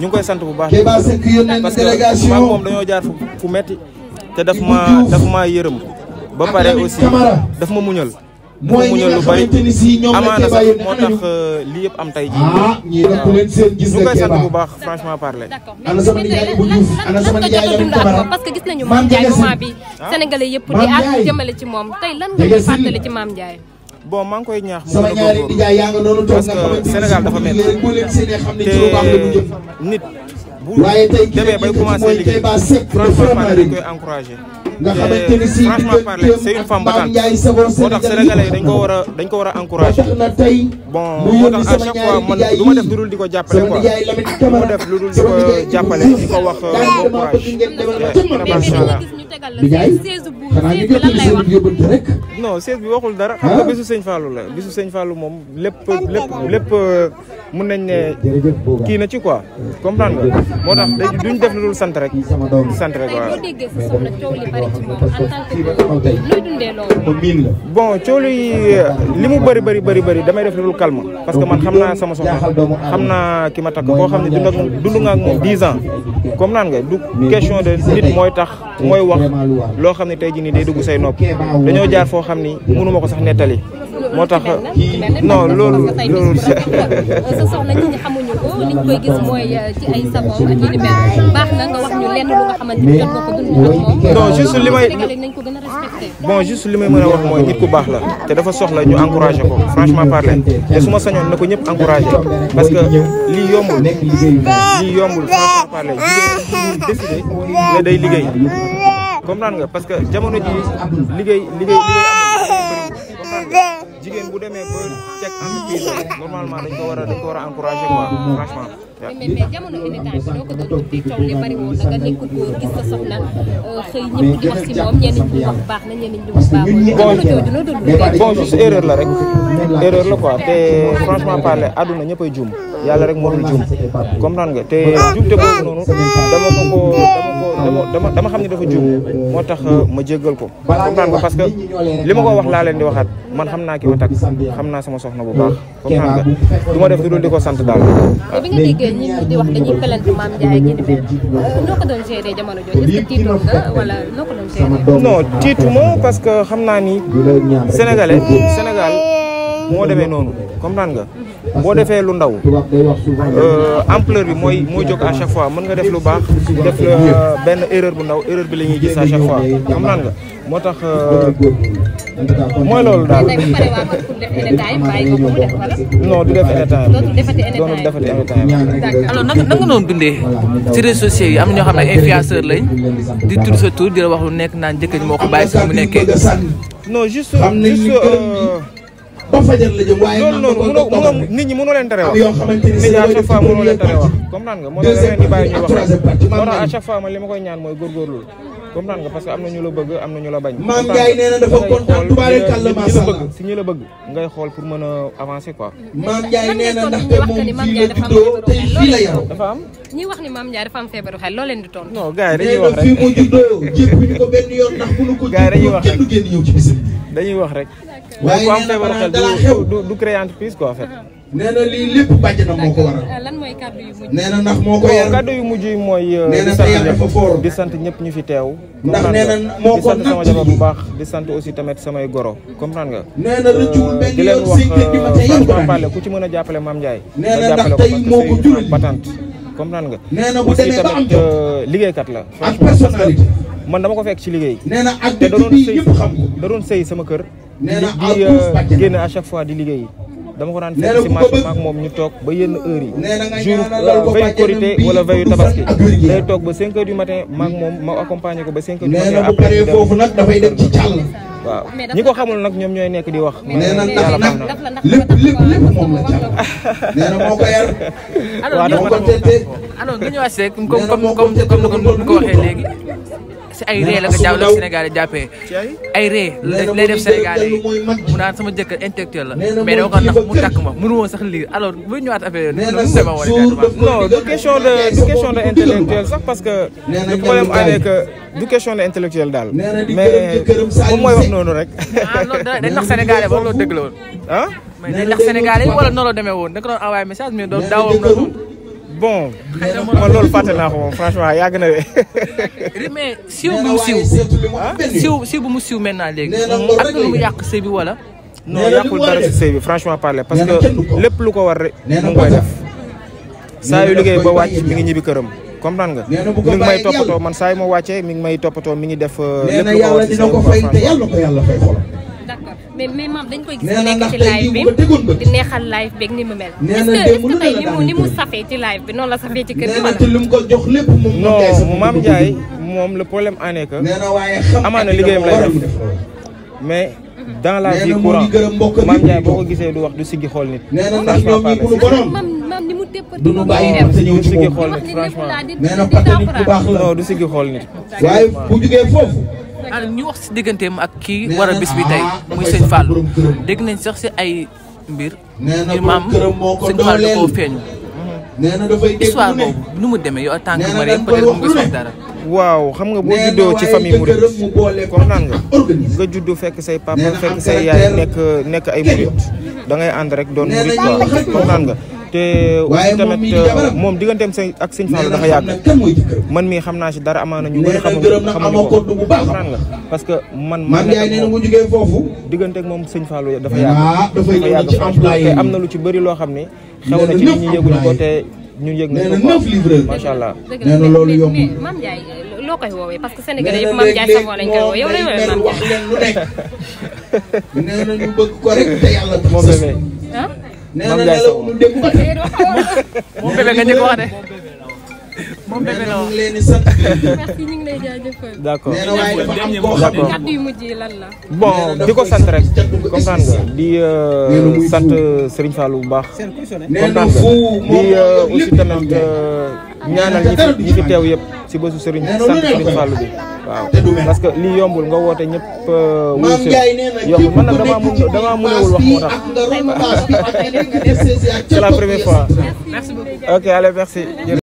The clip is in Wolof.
ñu ngi koy sant bu baax parce que maam moom dañoo jaar fu metti te daf ma daf ma yërëm ba pare aussi daf ma muñal dafa muñal lu bari amaana sax moo tax euh, lii yëpp am tey jii ah, ñu koy sant bu baax franchement parler ana sama nijaay bu Diouf parce que gis nañu maam Ndiaye moment bi ah. sénégalais yëpp di àgg jëmale ci moom tey lan nga fàttali ci maam Ndiaye bon maa ngi koy ñaax mu sama ñaari nijaay yaa nga noonu toog parce que Sénégal dafa mel te nit bu demee bay commencé liggéey franchement parler dañ koy encouragé. nga xamante ni si franchement parler c'est une femme battante moo tax sénégalais dañ ko war a dañ ko war a encouragé bon moo tax à chaque du ma def lu dul di ko jàppale quoi lu dul di ko jàppale wax bon courage machallah eh, xanaa ñu jot a bi waxul dara. xam nga bisu sëñ Fallou la bisu sëñ Fallou moom lépp lépp lépp mun nañ ne. kii na ci quoi comprendre nga. moo tax duñ def lu dul sant rek sant rek waaw. bon coow li li mu bëri bëri bari bëri damay def lu dul calme parce que man xam naa sama soxna xam naa ki a takk koo xam ne dund ak dund nga ak moom 10 ans comme naan nga du question de nit mooy tax mooy wax loo xam ne tey jii nii day dugg say nopp dañoo jaar foo xam ni mënu ma ko sax nettali. moo tax non loolu loolu sa euh, ci ay savon ak yi ni baax na nga wax ñu lenn lu nga xamante ni jot nga moom non juste li may a respecté bon juste li may mën wax mooy nit ku baax la te dafa soxla ñu encouragé ko franchement parler te su ma sañoon na ko ñëpp encouragé parce que lii yombul lii yombul franchement parler jigéen décidé ne day liggéey comprendre nga parce que jamono ji liggéey liggéey liggéey am jigéen bu demee ba teg entreprise normalement dañ ko war a dañ ko a encouragé quoi franchement. mais mais jamono héritage doo ko doon euh, moom ñenn ñi wax te franchement te boobu noonu dama ko ko dama dama xam ne dafa juum moo tax euh, ma jéggal ko comprendre nga parce que li ma ko wax laa leen di waxaat man xam naa ki ma takk xam naa sama soxna bu hmm. baax comprendre nga du ma def lu dul di ko sant daal waaw bi nga déggee euh, tiituma parce que xam naa ni sénégalais Sénégal moo demee noonu comme comprendre nga hmm. boo defee lu ndaw euh, ampleur bi mooy mooy jóg à chaque fois mën nga def lu baax def euh, benn erreur bu ndaw erreur bi la ñuy gis à chaque fois xam naan nga moo tax euh, mooy loolu daal non du def anytime doonul defati anytime alors naka naka noonu dundee ci réseaux sociaux yi am na ñoo xam ne influenceur lañ di tudd sa tur di la wax lu nekk naan jëkkër ji moo ko bàyyi si mu nekkee non juste juste ba fajar la jëm waaye. loolu loolu nit ñi mënoo leen tere wax. yoo xamante ni naan nga moo tax leen di bàyyi ñuy wax li ma koy ñaan mooy góorgóorlu comprendre nga parce que am na ñu la bëgg am na ñu la bañ. maam Ndiaye nee na dafa kontaan tubaale kàlla macha allah si ñu la bëgg ngay xool pour mën a avancer quoi. maam Ndiaye nee na ndaxte moom fii la juddoo tey fii la yaroo. dafa am ñi wax ni maam Ndiaye dafa am feebaru xel loo leen di tontu. non gars yi dañuy wax rek nee na fii mu juddoo jéppi ñu ko benn yoon ndax bu ñu ko. gars yi dañuy wax rek kenn du génn ñëw ci bis dañuy wax rek. waaye nee na balaa dara xew du du créer entreprise quoi en fait. Uh-huh. nee na lii lépp bàjjanam moo ko waral. lan mooy kàddu yu mujj. yi mooy. nee euh, di sant ñëpp ñu fi teew. ndax nee na moo ko natt di sant bu baax di sant aussi tamit samay goro comprendre nga. nee na rëccul euh, ku ci mën a jàppale Mame Ndiaye. nee na ko jural batante comprendre nga. Euh, liggéeykat la. ak personnalité. man dama ko fekk ci liggéey. nee na da doon sëy sama kër. nee na à génn à chaque fois di liggéey dama ko daan fekk si marché maag moom ñu toog ba yenn heure yi jour veille korité wala veille tabaski day toog ba 5 heures du matin maag moom ma accompagner ko ba 5 heures du matin après nag dafay dem ci càll waaw ñi ko xamul nag ñoom ñooy nekk di wax. nee na ndax ndax lépp lépp lépp moom la jàll. nee na moo ko yar. alors ñu alors nga ko waxee léegi. si ay ree la nga jàpp la Sénégal yi jàppee ay ree lay Sénégal yi mu naan sama jëkkër intellectuel la mais dama nax mu takk ma mënu woon sax lire alors bu ñëwaat affaire non du question de sax parce que le problème avec euh, du question de intellectuel daal mais moom mooy wax noonu rek ah loolu Sénégal yi ba loolu dëgg la woon ah mais noonu la demee woon da daawoon na bon man loolu fàtte naa ko franchement yàgg na de. mais siiw bu mu siiw. Ah? siiw siiw bu mu siiw maintenant léegi. ak lu mu yàq sëy bi wala. non yàqul dara si franchement parler parce que lépp lu ko war rek mu ngi koy def. saa yu liggéey ba wàcc mi ngi ñibbi këram. comprendre nga mi ngi may toppatoo man saa yu ma wàccee mi ngi may toppatoo mi ngi def euh, lépp lu ko war si sëy bi franchement mais mais maam dañ koy gis mu nekk ci live la daan ni mu safee la safee ci kër gi. ko jox lépp moom non maam Ndiaye moom le problème en est que. na waaye xam amaana liggéeyam mais. dans la vie courante maam Ndiaye boo ko gisee du wax du siggi xool nit. franchement parler du nu bàyyi nit te ñëw ci moom du xool nit franchement. nee na pàtte nit bu baax la. non du siggi xool nit. waaye bu jugee foofu. alors ñu wax si digganteem ak kii war a bis bi tey ah, muy sëñ Fallou dégg nañ sax si ay mbir. imaam sëñ Fallou koo feeñu. histoire boobu nu mu demee yow en ma que marine mu ngi dara. waaw xam nga boo juddoo ci famille murid comprendre nga nga juddu fekk say papa fekk say yaay nekk nekk ay murid da ngay ànd rek doon murid quoi comprendre nga. te aussi tamit moom digganteem sëñ ak sëñ Fallou dafa yàgg man mii xam naa si dara amaana ñu bëri xamuñu xamuñu ko comprendre nga parce que man ma nekk moom moom sëñ Fallou dafa ah, yàgg dafa yàgg te am na lu ci bëri loo xam ne xew na ci nit ñi ko te ñu yëg nañu ko macha allah. loolu yomb mais Mame Ndiaye loo koy woowee moom Ndiaye Sow moom bébé ñu ngi lay jaajëfal. accord la. bon di ko sant rek comprendre nga di euh, sant euh, Serigne Fallou bu baax. comprendre nga di euh, aussi ah, ñaanal ñi teew yëpp. si bésu sëriñ sant sëriñ Fallou bi waaw parce que lii yombul nga woote ñëpp euh, wuyu si man nag damaa mun damaa mënewul wax moo tax c'est la première fois ok allez merci